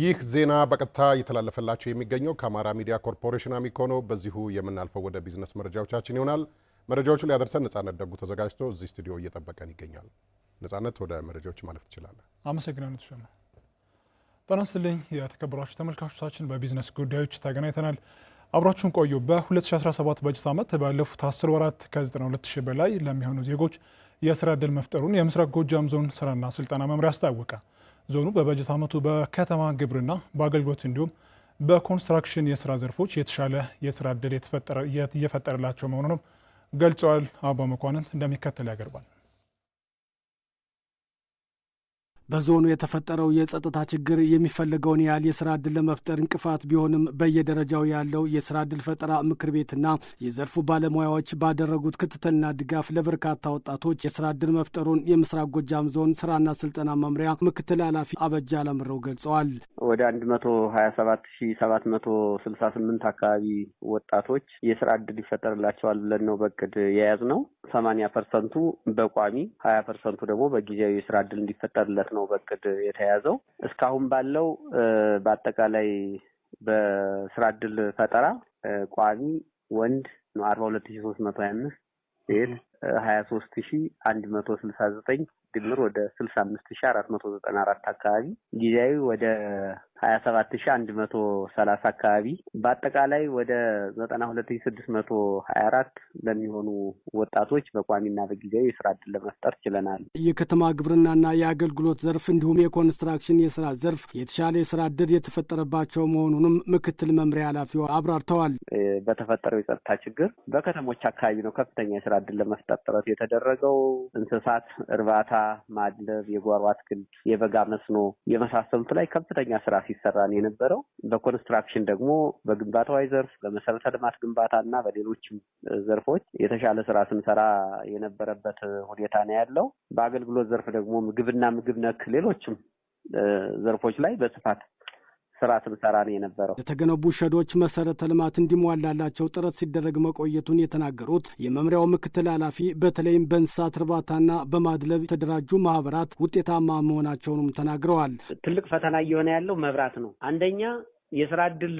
ይህ ዜና በቀጥታ እየተላለፈላቸው የሚገኘው ከአማራ ሚዲያ ኮርፖሬሽን አሚኮ ነው። በዚሁ የምናልፈው ወደ ቢዝነስ መረጃዎቻችን ይሆናል። መረጃዎቹ ሊያደርሰን ነጻነት ደጉ ተዘጋጅቶ እዚህ ስቱዲዮ እየጠበቀን ይገኛል። ነጻነት፣ ወደ መረጃዎች ማለፍ ትችላለን። አመሰግናለሁ ተሾመ። ጤና ይስጥልኝ የተከበራችሁ ተመልካቾቻችን፣ በቢዝነስ ጉዳዮች ተገናኝተናል። አብራችሁን ቆዩ። በ2017 በጀት ዓመት ባለፉት 10 ወራት ከ92 ሺህ በላይ ለሚሆኑ ዜጎች የስራ ዕድል መፍጠሩን የምስራቅ ጎጃም ዞን ስራና ስልጠና መምሪያ አስታወቀ። ዞኑ በበጀት ዓመቱ በከተማ ግብርና፣ በአገልግሎት እንዲሁም በኮንስትራክሽን የስራ ዘርፎች የተሻለ የስራ ዕድል እየፈጠረላቸው መሆኑንም ገልጸዋል። አባ መኳንንት እንደሚከተል ያቀርባል። በዞኑ የተፈጠረው የጸጥታ ችግር የሚፈለገውን ያህል የስራ ዕድል ለመፍጠር እንቅፋት ቢሆንም በየደረጃው ያለው የስራ ዕድል ፈጠራ ምክር ቤትና የዘርፉ ባለሙያዎች ባደረጉት ክትትልና ድጋፍ ለበርካታ ወጣቶች የስራ ዕድል መፍጠሩን የምስራቅ ጎጃም ዞን ስራና ስልጠና መምሪያ ምክትል ኃላፊ አበጃ ለምረው ገልጸዋል። ወደ አንድ መቶ ሀያ ሰባት ሺ ሰባት መቶ ስልሳ ስምንት አካባቢ ወጣቶች የስራ ዕድል ይፈጠርላቸዋል ብለን ነው በቅድ የያዝ ነው። ሰማኒያ ፐርሰንቱ በቋሚ ሀያ ፐርሰንቱ ደግሞ በጊዜያዊ የስራ ዕድል እንዲፈጠርለት ነው በቅድ የተያዘው። እስካሁን ባለው በአጠቃላይ በስራ እድል ፈጠራ ቋሚ ወንድ ነው አርባ ሁለት ሺ ሶስት መቶ ሀያ አምስት ሴት ሀያ ሶስት ሺ አንድ መቶ ስልሳ ዘጠኝ ድምር ወደ ስልሳ አምስት ሺ አራት መቶ ዘጠና አራት አካባቢ ጊዜያዊ ወደ ሀያ ሰባት ሺ አንድ መቶ ሰላሳ አካባቢ በአጠቃላይ ወደ ዘጠና ሁለት ሺ ስድስት መቶ ሀያ አራት ለሚሆኑ ወጣቶች በቋሚና በጊዜያዊ የስራ እድል ለመፍጠር ችለናል። የከተማ ግብርናና የአገልግሎት ዘርፍ እንዲሁም የኮንስትራክሽን የስራ ዘርፍ የተሻለ የስራ እድል የተፈጠረባቸው መሆኑንም ምክትል መምሪያ ኃላፊው አብራርተዋል። በተፈጠረው የጸጥታ ችግር በከተሞች አካባቢ ነው ከፍተኛ የስራ እድል ለመፍጠር ለማስቀጠል ጥረት የተደረገው እንስሳት እርባታ ማድለብ፣ የጓሮ አትክልት፣ የበጋ መስኖ የመሳሰሉት ላይ ከፍተኛ ስራ ሲሰራን የነበረው በኮንስትራክሽን ደግሞ በግንባታዊ ዘርፍ በመሰረተ ልማት ግንባታ እና በሌሎችም ዘርፎች የተሻለ ስራ ስንሰራ የነበረበት ሁኔታ ነው ያለው። በአገልግሎት ዘርፍ ደግሞ ምግብና ምግብ ነክ ሌሎችም ዘርፎች ላይ በስፋት ስራ ስብሰራ ነው የነበረው። የተገነቡ ሸዶች መሰረተ ልማት እንዲሟላላቸው ጥረት ሲደረግ መቆየቱን የተናገሩት የመምሪያው ምክትል ኃላፊ በተለይም በእንስሳት እርባታና በማድለብ የተደራጁ ማህበራት ውጤታማ መሆናቸውንም ተናግረዋል። ትልቅ ፈተና እየሆነ ያለው መብራት ነው። አንደኛ የስራ እድል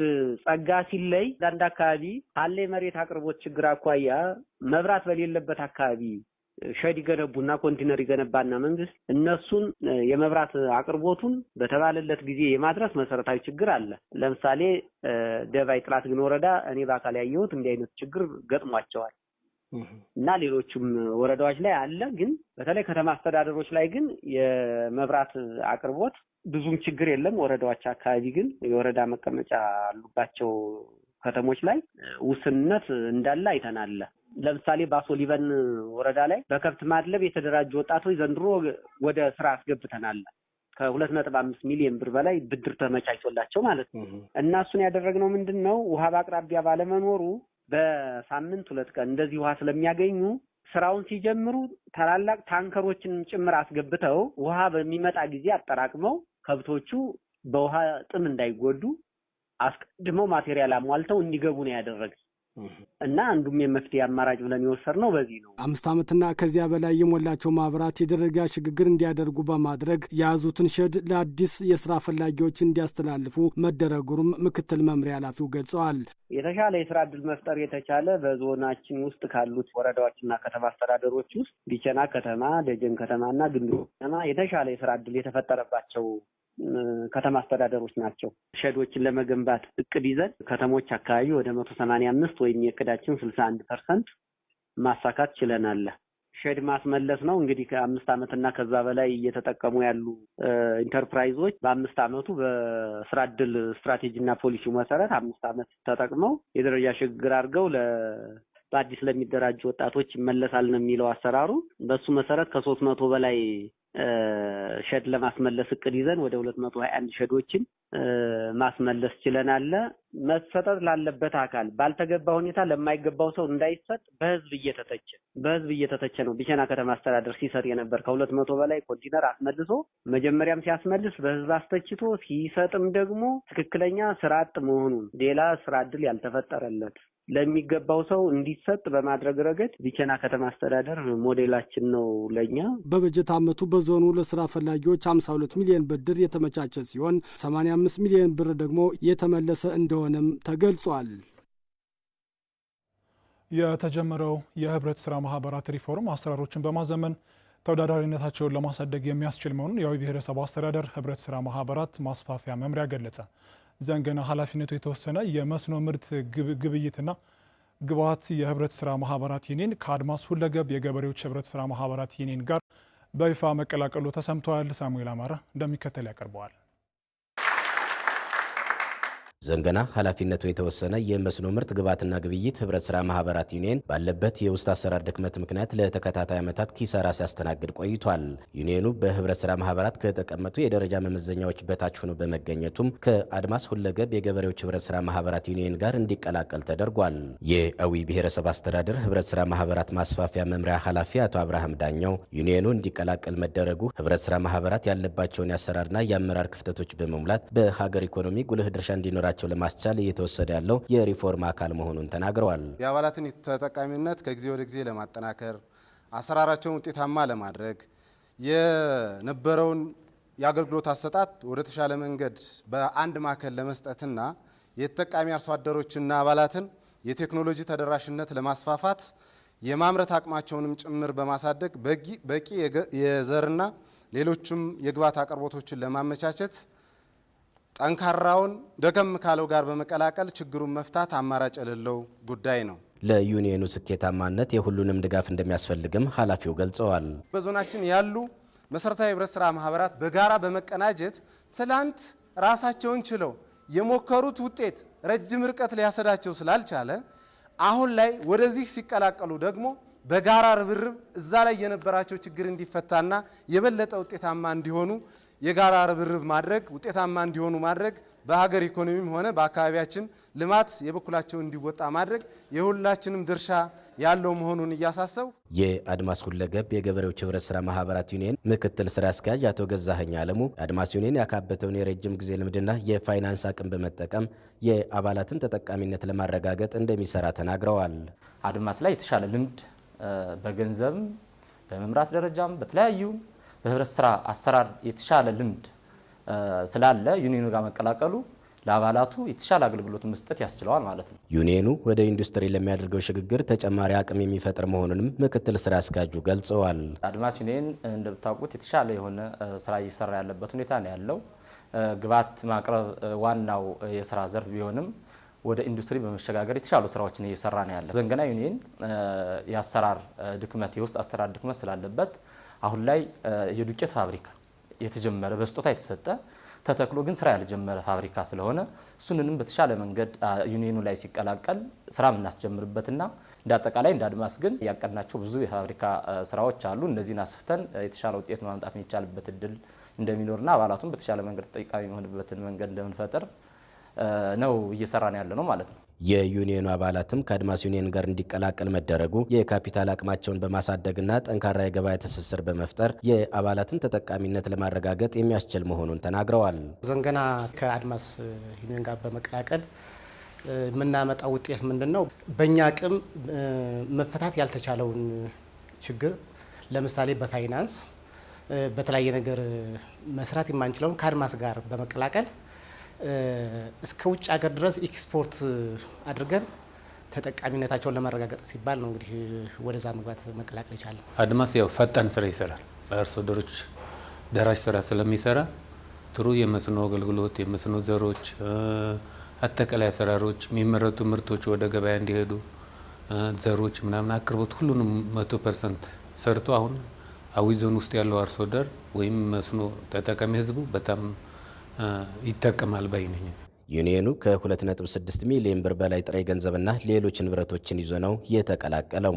ጸጋ ሲለይ አንዳንድ አካባቢ ካለ መሬት አቅርቦት ችግር አኳያ መብራት በሌለበት አካባቢ ሸድ ይገነቡና ኮንቲነር ይገነባና መንግስት እነሱን የመብራት አቅርቦቱን በተባለለት ጊዜ የማድረስ መሰረታዊ ችግር አለ። ለምሳሌ ደባይ ጥላት ግን ወረዳ እኔ በአካል ያየሁት እንዲህ አይነት ችግር ገጥሟቸዋል እና ሌሎችም ወረዳዎች ላይ አለ። ግን በተለይ ከተማ አስተዳደሮች ላይ ግን የመብራት አቅርቦት ብዙም ችግር የለም። ወረዳዎች አካባቢ ግን የወረዳ መቀመጫ አሉባቸው ከተሞች ላይ ውስንነት እንዳለ አይተናለ። ለምሳሌ ባሶ ሊበን ወረዳ ላይ በከብት ማድለብ የተደራጁ ወጣቶች ዘንድሮ ወደ ስራ አስገብተናል። ከሁለት ነጥብ አምስት ሚሊዮን ብር በላይ ብድር ተመቻችቶላቸው ማለት ነው። እና እሱን ያደረግነው ምንድን ነው ውሃ በአቅራቢያ ባለመኖሩ በሳምንት ሁለት ቀን እንደዚህ ውሃ ስለሚያገኙ ስራውን ሲጀምሩ ታላላቅ ታንከሮችን ጭምር አስገብተው ውሃ በሚመጣ ጊዜ አጠራቅመው ከብቶቹ በውሃ ጥም እንዳይጎዱ አስቀድመው ማቴሪያል አሟልተው እንዲገቡ ነው ያደረግ እና አንዱም የመፍትሄ አማራጭ ብለን የወሰድነው በዚህ ነው። አምስት ዓመትና ከዚያ በላይ የሞላቸው ማህበራት የደረጃ ሽግግር እንዲያደርጉ በማድረግ የያዙትን ሸድ ለአዲስ የስራ ፈላጊዎች እንዲያስተላልፉ መደረጉም ምክትል መምሪያ ኃላፊው ገልጸዋል። የተሻለ የስራ እድል መፍጠር የተቻለ በዞናችን ውስጥ ካሉት ወረዳዎችና ከተማ አስተዳደሮች ውስጥ ቢቸና ከተማ፣ ደጀን ከተማና ግንዱ ከተማ የተሻለ የስራ እድል የተፈጠረባቸው ከተማ አስተዳደሮች ናቸው። ሸዶችን ለመገንባት እቅድ ይዘን ከተሞች አካባቢ ወደ መቶ ሰማንያ አምስት ወይም የእቅዳችን ስልሳ አንድ ፐርሰንት ማሳካት ችለናል። ሸድ ማስመለስ ነው እንግዲህ ከአምስት ዓመትና ከዛ በላይ እየተጠቀሙ ያሉ ኢንተርፕራይዞች በአምስት ዓመቱ በስራ እድል ስትራቴጂና ፖሊሲው መሰረት አምስት ዓመት ተጠቅመው የደረጃ ሽግግር አድርገው በአዲስ ለሚደራጁ ወጣቶች ይመለሳል ነው የሚለው አሰራሩ። በሱ መሰረት ከሶስት መቶ በላይ ሸድ ለማስመለስ እቅድ ይዘን ወደ ሁለት መቶ ሀያ አንድ ሸዶችን ማስመለስ ችለናል። መሰጠት ላለበት አካል ባልተገባ ሁኔታ ለማይገባው ሰው እንዳይሰጥ በህዝብ እየተተቸ በህዝብ እየተተቸ ነው። ቢቸና ከተማ አስተዳደር ሲሰጥ የነበር ከሁለት መቶ በላይ ኮንቲነር አስመልሶ መጀመሪያም ሲያስመልስ በህዝብ አስተችቶ ሲሰጥም ደግሞ ትክክለኛ ስራ አጥ መሆኑን ሌላ ስራ እድል ያልተፈጠረለት ለሚገባው ሰው እንዲሰጥ በማድረግ ረገድ ቢቸና ከተማ አስተዳደር ሞዴላችን ነው ለኛ በበጀት ዓመቱ በዞኑ ለስራ ፈላጊዎች ሀምሳ ሁለት ሚሊዮን ብድር የተመቻቸ ሲሆን 85 አምስት ሚሊዮን ብር ደግሞ የተመለሰ እንደሆነ እንደሆነም ተገልጿል። የተጀመረው የህብረት ስራ ማህበራት ሪፎርም አሰራሮችን በማዘመን ተወዳዳሪነታቸውን ለማሳደግ የሚያስችል መሆኑን የአዊ ብሔረሰብ አስተዳደር ህብረት ስራ ማህበራት ማስፋፊያ መምሪያ ገለጸ። ዘንገና ኃላፊነቱ የተወሰነ የመስኖ ምርት ግብይትና ግብዓት የህብረት ስራ ማህበራት ዩኒየን ከአድማስ ሁለገብ የገበሬዎች ህብረት ስራ ማህበራት ዩኒየን ጋር በይፋ መቀላቀሉ ተሰምተዋል። ሳሙኤል አማረ እንደሚከተል ያቀርበዋል። ዘንገና ኃላፊነቱ የተወሰነ የመስኖ ምርት ግብዓትና ግብይት ህብረት ስራ ማህበራት ዩኒየን ባለበት የውስጥ አሰራር ድክመት ምክንያት ለተከታታይ ዓመታት ኪሳራ ሲያስተናግድ ቆይቷል። ዩኒየኑ በህብረት ስራ ማህበራት ከተቀመጡ የደረጃ መመዘኛዎች በታች ሆኖ በመገኘቱም ከአድማስ ሁለገብ የገበሬዎች ህብረት ስራ ማህበራት ዩኒየን ጋር እንዲቀላቀል ተደርጓል። የአዊ ብሔረሰብ አስተዳደር ህብረት ስራ ማህበራት ማስፋፊያ መምሪያ ኃላፊ አቶ አብርሃም ዳኛው ዩኒየኑ እንዲቀላቀል መደረጉ ህብረት ስራ ማህበራት ያለባቸውን የአሰራርና የአመራር ክፍተቶች በመሙላት በሀገር ኢኮኖሚ ጉልህ ድርሻ እንዲኖር እንዲኖራቸው ለማስቻል እየተወሰደ ያለው የሪፎርም አካል መሆኑን ተናግረዋል። የአባላትን ተጠቃሚነት ከጊዜ ወደ ጊዜ ለማጠናከር አሰራራቸውን ውጤታማ ለማድረግ የነበረውን የአገልግሎት አሰጣጥ ወደ ተሻለ መንገድ በአንድ ማዕከል ለመስጠትና የተጠቃሚ አርሶ አደሮችና አባላትን የቴክኖሎጂ ተደራሽነት ለማስፋፋት የማምረት አቅማቸውንም ጭምር በማሳደግ በቂ የዘርና ሌሎችም የግብዓት አቅርቦቶችን ለማመቻቸት ጠንካራውን ደከም ካለው ጋር በመቀላቀል ችግሩን መፍታት አማራጭ የሌለው ጉዳይ ነው። ለዩኒየኑ ስኬታማነት የሁሉንም ድጋፍ እንደሚያስፈልግም ኃላፊው ገልጸዋል። በዞናችን ያሉ መሰረታዊ ህብረት ስራ ማህበራት በጋራ በመቀናጀት ትላንት ራሳቸውን ችለው የሞከሩት ውጤት ረጅም ርቀት ሊያሰዳቸው ስላልቻለ አሁን ላይ ወደዚህ ሲቀላቀሉ ደግሞ በጋራ ርብርብ እዛ ላይ የነበራቸው ችግር እንዲፈታና የበለጠ ውጤታማ እንዲሆኑ የጋራ ርብርብ ማድረግ ውጤታማ እንዲሆኑ ማድረግ በሀገር ኢኮኖሚም ሆነ በአካባቢያችን ልማት የበኩላቸውን እንዲወጣ ማድረግ የሁላችንም ድርሻ ያለው መሆኑን እያሳሰቡ የአድማስ ሁለገብ የገበሬዎች ህብረት ስራ ማህበራት ዩኒየን ምክትል ስራ አስኪያጅ አቶ ገዛኸኝ አለሙ አድማስ ዩኒየን ያካበተውን የረጅም ጊዜ ልምድና የፋይናንስ አቅም በመጠቀም የአባላትን ተጠቃሚነት ለማረጋገጥ እንደሚሰራ ተናግረዋል። አድማስ ላይ የተሻለ ልምድ በገንዘብም በመምራት ደረጃም በተለያዩ በህብረት ስራ አሰራር የተሻለ ልምድ ስላለ ዩኒኑ ጋር መቀላቀሉ ለአባላቱ የተሻለ አገልግሎት መስጠት ያስችለዋል ማለት ነው። ዩኒየኑ ወደ ኢንዱስትሪ ለሚያደርገው ሽግግር ተጨማሪ አቅም የሚፈጥር መሆኑንም ምክትል ስራ አስኪያጁ ገልጸዋል። አድማስ ዩኒየን እንደምታውቁት የተሻለ የሆነ ስራ እየሰራ ያለበት ሁኔታ ነው ያለው። ግብዓት ማቅረብ ዋናው የስራ ዘርፍ ቢሆንም ወደ ኢንዱስትሪ በመሸጋገር የተሻሉ ስራዎችን እየሰራ ነው ያለ ዘንገና ዩኒየን የአሰራር ድክመት የውስጥ አሰራር ድክመት ስላለበት አሁን ላይ የዱቄት ፋብሪካ የተጀመረ በስጦታ የተሰጠ ተተክሎ ግን ስራ ያልጀመረ ፋብሪካ ስለሆነ እሱንንም በተሻለ መንገድ ዩኒየኑ ላይ ሲቀላቀል ስራ የምናስጀምርበትና እንደ አጠቃላይ እንደ አድማስ ግን ያቀድናቸው ብዙ የፋብሪካ ስራዎች አሉ። እነዚህን አስፍተን የተሻለ ውጤት ማምጣት የሚቻልበት እድል እንደሚኖርና አባላቱም በተሻለ መንገድ ተጠቃሚ የሚሆንበትን መንገድ እንደምንፈጥር ነው እየሰራን ያለ ነው ማለት ነው። የዩኒየኑ አባላትም ከአድማስ ዩኒየን ጋር እንዲቀላቀል መደረጉ የካፒታል አቅማቸውን በማሳደግና ጠንካራ የገበያ ትስስር በመፍጠር የአባላትን ተጠቃሚነት ለማረጋገጥ የሚያስችል መሆኑን ተናግረዋል። ዘንገና ከአድማስ ዩኒየን ጋር በመቀላቀል የምናመጣው ውጤት ምንድን ነው? በእኛ አቅም መፈታት ያልተቻለውን ችግር ለምሳሌ በፋይናንስ በተለያየ ነገር መስራት የማንችለውን ከአድማስ ጋር በመቀላቀል እስከ ውጭ ሀገር ድረስ ኤክስፖርት አድርገን ተጠቃሚነታቸውን ለማረጋገጥ ሲባል ነው እንግዲህ ወደዛ መግባት መቀላቀል ይቻለ። አድማስ ያው ፈጣን ስራ ይሰራል። በእርሶ አደሮች ደራሽ ስራ ስለሚሰራ ጥሩ የመስኖ አገልግሎት፣ የመስኖ ዘሮች፣ አጠቃላይ አሰራሮች፣ የሚመረቱ ምርቶች ወደ ገበያ እንዲሄዱ ዘሮች ምናምን አቅርቦት ሁሉንም መቶ ፐርሰንት ሰርቶ አሁን አዊ ዞን ውስጥ ያለው አርሶ አደር ወይም መስኖ ተጠቃሚ ህዝቡ በጣም ይጠቀማል ባይ ነኝ። ዩኒየኑ ከ2.6 ሚሊዮን ብር በላይ ጥሬ ገንዘብና ሌሎች ንብረቶችን ይዞ ነው የተቀላቀለው።